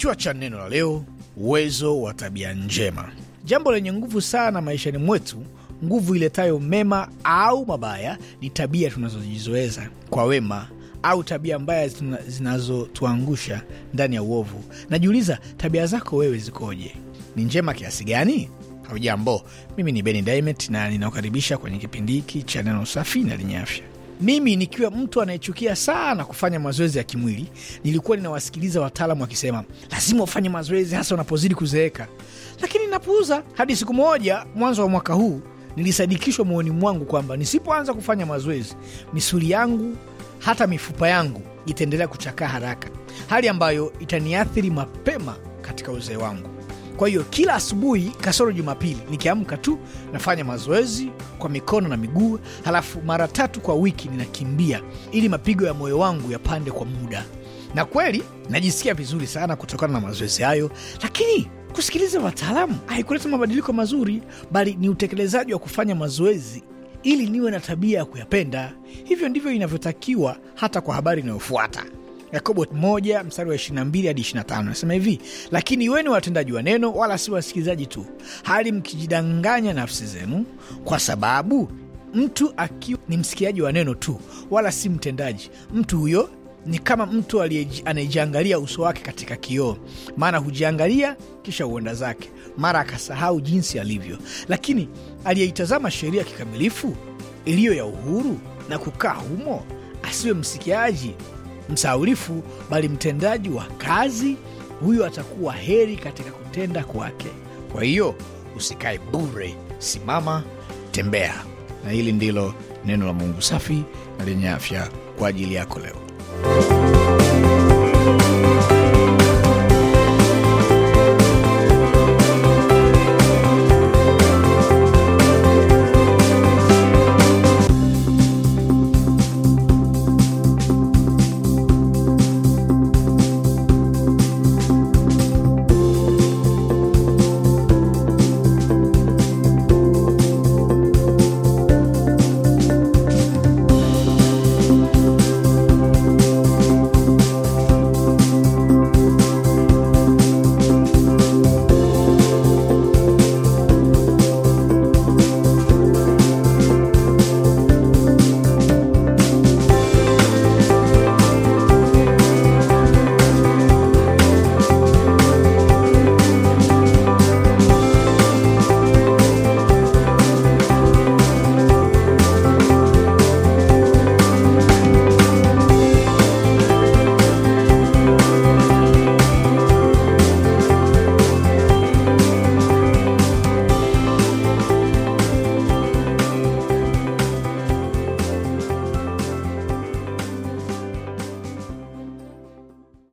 Kichwa cha neno la leo: uwezo wa tabia njema, jambo lenye nguvu sana maishani mwetu. Nguvu iletayo mema au mabaya ni tabia tunazojizoeza kwa wema au tabia mbaya zinazotuangusha ndani ya uovu. Najiuliza, tabia zako wewe zikoje? Ni njema kiasi gani? Hujambo, mimi ni Beni na ninakukaribisha kwenye kipindi hiki cha neno safi na lenye afya. Mimi nikiwa mtu anayechukia sana kufanya mazoezi ya kimwili, nilikuwa ninawasikiliza wataalamu wakisema lazima ufanye mazoezi, hasa unapozidi kuzeeka, lakini napuuza. Hadi siku moja mwanzo wa mwaka huu nilisadikishwa moyoni mwangu kwamba nisipoanza kufanya mazoezi, misuli yangu hata mifupa yangu itaendelea kuchakaa haraka, hali ambayo itaniathiri mapema katika uzee wangu. Kwa hiyo kila asubuhi kasoro Jumapili nikiamka tu nafanya mazoezi kwa mikono na miguu, halafu mara tatu kwa wiki ninakimbia ili mapigo ya moyo wangu yapande kwa muda, na kweli najisikia vizuri sana kutokana na mazoezi hayo, lakini kusikiliza wataalamu haikuleta mabadiliko mazuri, bali ni utekelezaji wa kufanya mazoezi ili niwe na tabia ya kuyapenda. Hivyo ndivyo inavyotakiwa hata kwa habari inayofuata. Yakobo 1 mstari wa 22 hadi 25 nasema hivi: lakini iweni watendaji wa neno, wala si wasikilizaji tu, hali mkijidanganya nafsi zenu, kwa sababu mtu akiwa ni msikiaji wa neno tu, wala si mtendaji, mtu huyo ni kama mtu anayejiangalia uso wake katika kioo, maana hujiangalia kisha huenda zake, mara akasahau jinsi alivyo. Lakini aliyeitazama sheria kikamilifu iliyo ya uhuru na kukaa humo, asiwe msikiaji msaurifu, bali mtendaji wa kazi huyo atakuwa heri katika kutenda kwake. Kwa hiyo usikae bure, simama, tembea. Na hili ndilo neno la Mungu safi na lenye afya kwa ajili yako leo.